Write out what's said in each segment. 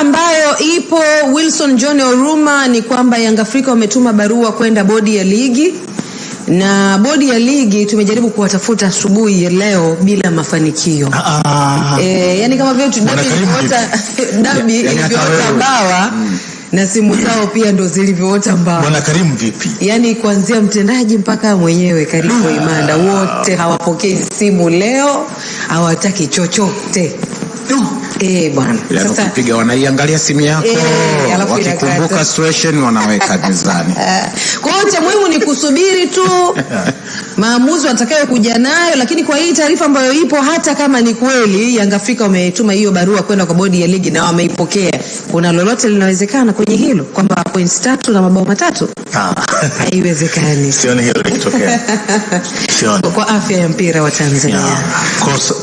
ambayo ipo Wilson John Oruma ni kwamba Yanga Afrika wametuma barua kwenda bodi ya ligi na bodi ya ligi tumejaribu kuwatafuta asubuhi leo bila mafanikio. E, yani kama vile dabi ilivyoota bawa hmm. na simu zao pia ndo zilivyoota mbao. Bwana Karimu vipi? Yaani kuanzia mtendaji mpaka mwenyewe Karimu Imanda wote hawapokei simu leo, hawataki chochote. Eh, bwana. Sasa ukipiga wanaiangalia simu yako, eh, wakikumbuka situation wanaweka mezani. Eh, kwa hiyo cha muhimu ni kusubiri tu maamuzi watakayokuja nayo. Lakini kwa hii taarifa ambayo ipo, hata kama ni kweli Yanga Afrika wametuma hiyo barua kwenda kwa bodi ya ligi na wameipokea, kuna lolote linawezekana kwenye hilo kwamba points tatu na mabao matatu? Ah. Haiwezekani, sioni hilo likitokea, sioni kwa afya ya mpira wa Tanzania.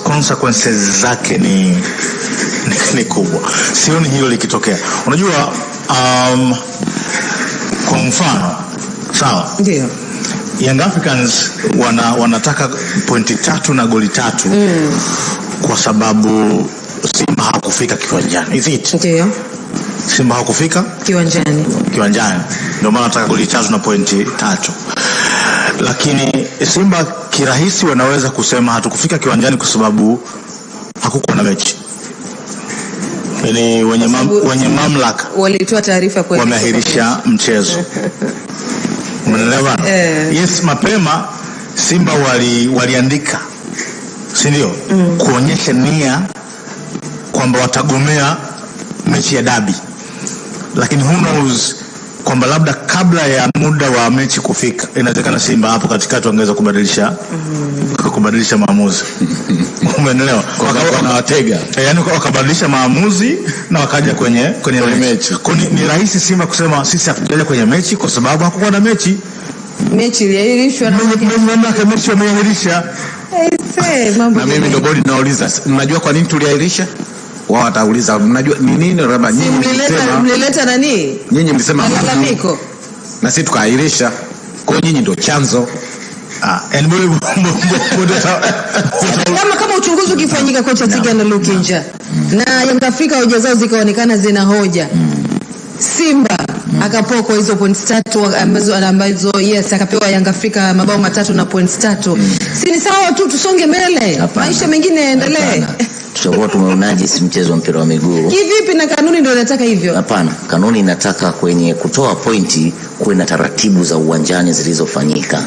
Consequences zake ni, ni, ni kubwa, sioni hilo likitokea. Unajua um, kwa mfano sawa, ndio Young Africans wana, wanataka pointi tatu na goli tatu mm. kwa sababu Simba hakufika kiwanjani. Is it? Ndio. Simba hakufika kiwanjani, kiwanjani ndio maana nataka goli tatu na pointi tatu, lakini Simba kirahisi wanaweza kusema hatukufika kiwanjani kwa sababu hakukuwa na mechi yani wenye, mam, wenye mamlaka walitoa taarifa kwa wameahirisha mchezo Umeelewa? Eh. Yes, mapema Simba wali, waliandika si ndio? Mm. Kuonyesha nia kwamba watagomea mechi ya dabi, lakini who knows kwamba labda kabla ya muda wa mechi kufika, inawezekana Simba hapo katikati wangeweza kubadilisha mm -hmm. kubadilisha maamuzi umeelewa, wanawatega eh, yani wakabadilisha maamuzi na wakaja kwenye kwenye mechi. mechi. Ni rahisi Simba kusema sisi hatujaja kwenye mechi kwa sababu hakukuwa na mechi, mechi iliahirishwa na mechi wameahirisha. Eh, na mimi ndio bodi nauliza, mnajua kwa nini tuliahirisha? wao watauliza mnajua ni nini? Labda nyinyi mlisema, mlileta nani? Nyinyi mlisema malalamiko na sisi tukaahirisha. Kwa hiyo nyinyi ndio chanzo. Ah, kama kama uchunguzi ukifanyika kocha Tigana na Lukinja na Yanga Afrika hoja zao zikaonekana zina hoja, Simba mm. akapokwa hizo points tatu ambazo ambazo yes, akapewa Yanga Afrika mabao matatu na points tatu, mm. si ni sawa tu, tusonge mbele, maisha mengine yaendelee tutakuwa tumeunajisi mchezo wa mpira wa miguu kivipi? Na kanuni ndio inataka hivyo? Hapana, kanuni inataka kwenye kutoa pointi kuwe na taratibu za uwanjani zilizofanyika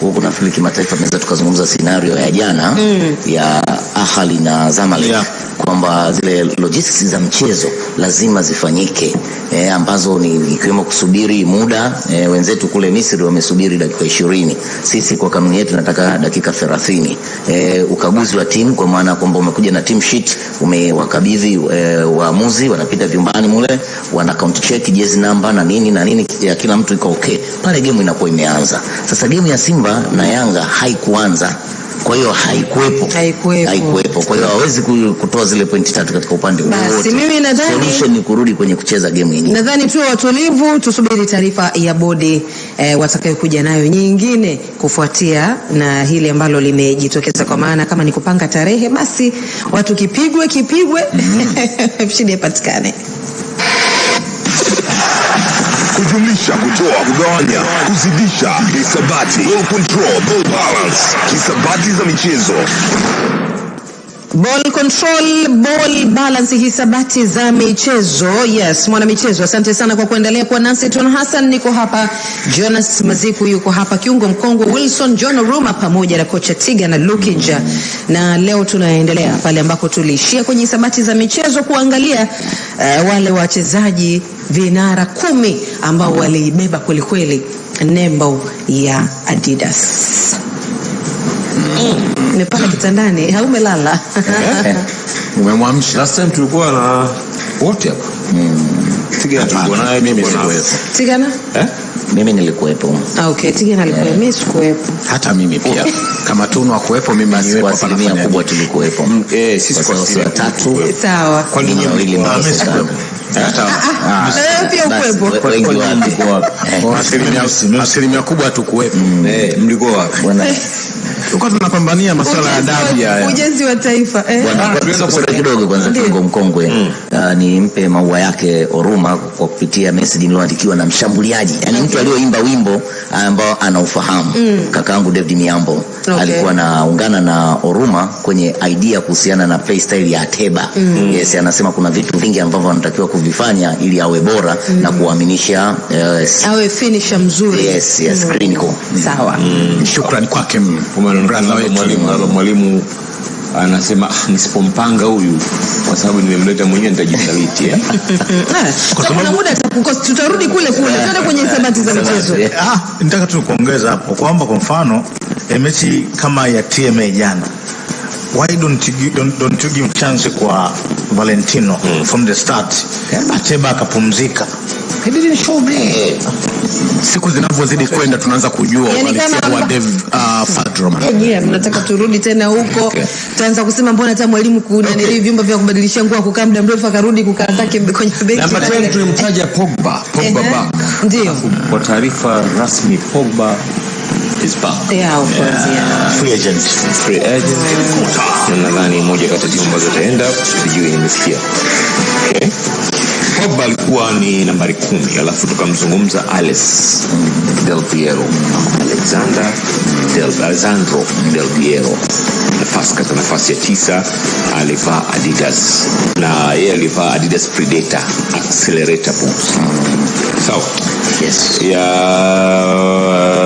huku eh, nafikiri kimataifa tunaweza tukazungumza scenario ya jana mm. ya ahali na Zamalek yeah kwamba zile logistics za mchezo lazima zifanyike, e, ambazo ni ikiwemo kusubiri muda e, wenzetu kule Misri wamesubiri dakika ishirini, sisi kwa kanuni yetu nataka dakika 30. E, eh, ukaguzi wa timu kwa maana kwamba umekuja na team sheet umewakabidhi e, waamuzi wanapita vyumbani mule wana count check jezi namba na nini na nini ya kila mtu iko okay, pale game inakuwa imeanza. Sasa game ya Simba na Yanga haikuanza. Kwa hiyo haikuwepo, haikuwepo, haikuwepo. Kwa hiyo hawezi kutoa zile pointi tatu katika upande Basi Mimi nadhani solution ni kurudi kwenye kucheza game yenyewe. Nadhani tu watulivu, tusubiri taarifa ya bodi eh, watakayokuja nayo nyingine kufuatia na hili ambalo limejitokeza, kwa maana kama ni kupanga tarehe, basi watu kipigwe, kipigwe mm -hmm. shida ipatikane kujumlisha, kutoa, kugawanya, kuzidisha, hisabati, will control, ball balance, hisabati za michezo Ball control, ball balance, hisabati za michezo. Yes, mwana michezo, asante sana kwa kuendelea kuwa nasi. Tun Hassan niko hapa, Jonas Maziku yuko hapa, kiungo mkongwe Wilson John Oruma pamoja na kocha Tiga na Lukinja, na leo tunaendelea pale ambako tuliishia kwenye hisabati za michezo kuangalia uh, wale wachezaji vinara kumi ambao waliibeba kwelikweli nembo ya Adidas mm. Nimepanda kitandani, haumelala eh, eh. umemwamsha. Last time tulikuwa na wote hapa mm. eh? mimi nilikuwepo. Ah, okay, mimi Hata mimi pia. Oh. Kama Tunu hakuwepo, mimi kubwa tulikuwepo. Mm, eh, sisi kwa sisi watatu. Sawa. Kwa nini ah, kubwa hatukuwepo. Mm. Mlikuwa wapi? tulikuwa tunapambania masuala ya adabu ya ujenzi wa taifa eh. Bwana ah. Kidogo kwanza, Kingo Mkongwe hmm. ah, ni mpe maua yake Oruma kwa kupitia message niliyoandikiwa na mshambuliaji, yani mtu aliyoimba wimbo ambao anaufahamu mm. Kakaangu David Miambo okay. Alikuwa anaungana na Oruma kwenye idea kuhusiana na playstyle ya Ateba mm. Yes, anasema kuna vitu vingi ambavyo anatakiwa kuvifanya ili awe bora mm. na kuaminisha yes. Eh, awe finisher mzuri yes, yes, mm. clinical sawa mm. Shukrani kwake mwalimu anasema ah, nisipompanga huyu kwa sababu nimemleta mwenyewe nitajisaliti. Eh. Eh, kwa sababu muda tutarudi kule kule eh, tena kwenye hisabati za mchezo. Ah, nitaka tu kuongeza hapo kwamba kwa mfano mechi kama ya TMA jana, why don't you don't, don't you give chance kwa Valentino hmm. from the start, Ateba akapumzika. he didn't show me siku zinavyozidi kwenda tunaanza kujua uhalisia wa Dev uh, Fadroman. Eh, mnataka turudi tena huko, tutaanza kusema mbona hata mwalimu kuna nili vyumba vya kubadilishia nguo kukaa muda mrefu akarudi kukaa zake kwenye benchi. Namba pia tulimtaja Pogba, Pogba eh, eh, back. Ndio. Kwa taarifa rasmi Pogba nadhani moja kati ya timu ambazo itaenda, sijui nimesikia. Okay. Pogba alikuwa ni nambari kumi, alafu tukamzungumza Alex Del Piero, Alexander Del, Alessandro Del Piero nafasi kata nafasi ya tisa alivaa Adidas na yeye alivaa Adidas Predator accelerator boots. Sawa. So, yes. Ya